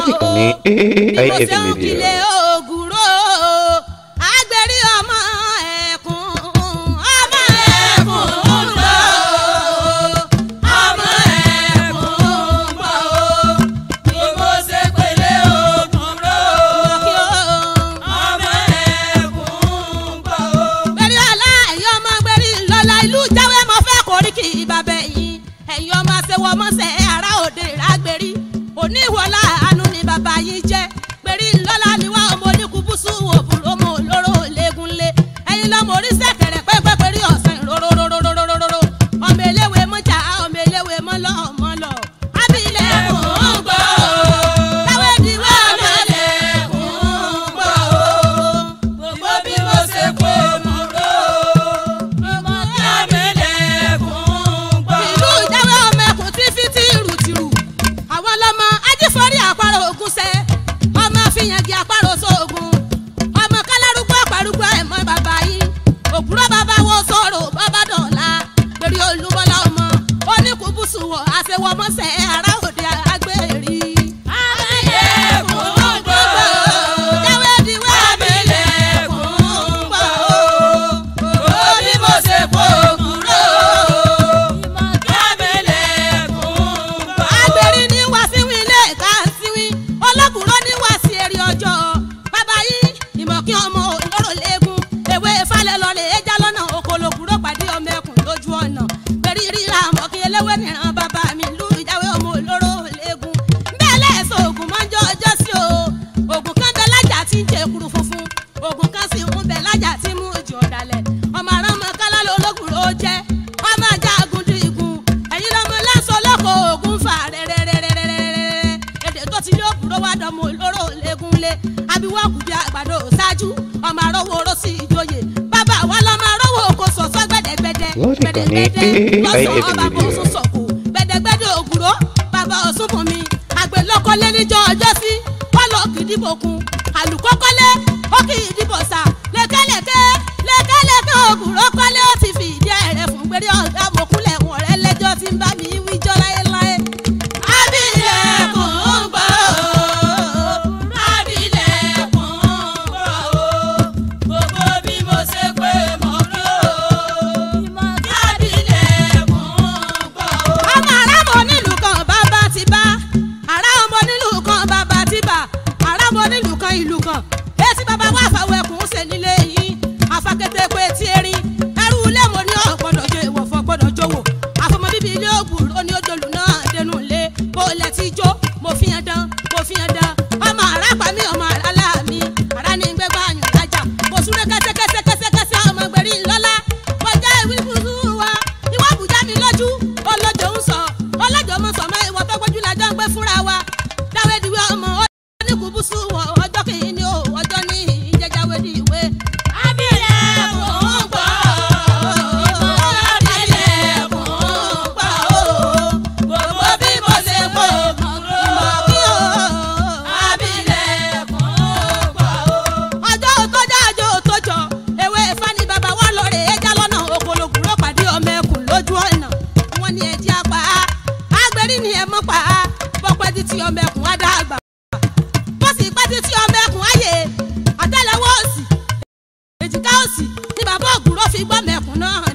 lórí ìkànnì AIF media. ìlú jáwé ọmọ àṣewọ́ olókùnrin ní wàásì èrè ọjọ́ ọmọ olóró lẹ́gúnlé abiwọ́ kùjà àgbàdo ṣáájú ọmọ arọ́wọ́ oró sí ìjòyè bàbá wa lọ́mọ arọ́wọ́ oko sọ̀sọ́ gbẹ̀dẹ̀gbẹ̀dẹ̀ gbẹ̀dẹ̀gbẹ̀dẹ̀ lọ́sọ̀ọ́ bàbá òsùn sọ̀kù gbẹ̀dẹ̀gbẹ̀dẹ̀ ògùrọ̀ bàbá òsùn fún di apá agbẹ́rí ni ẹ mọ́ pa bọ́pẹ́ di ti ọmọ ẹkùn wá dàgbà bó sì pẹ́ di ti ọmọ ẹkùn ayé àtẹ́lẹwọ́ òsì èjìká òsì ni bàbá ògùrọ̀ fi gbọ́ mẹ́kùn náà.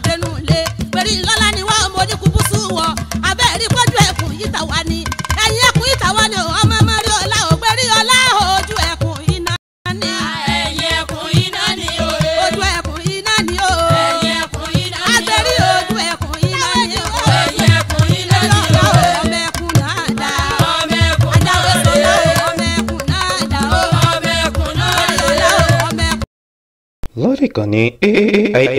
con Ay,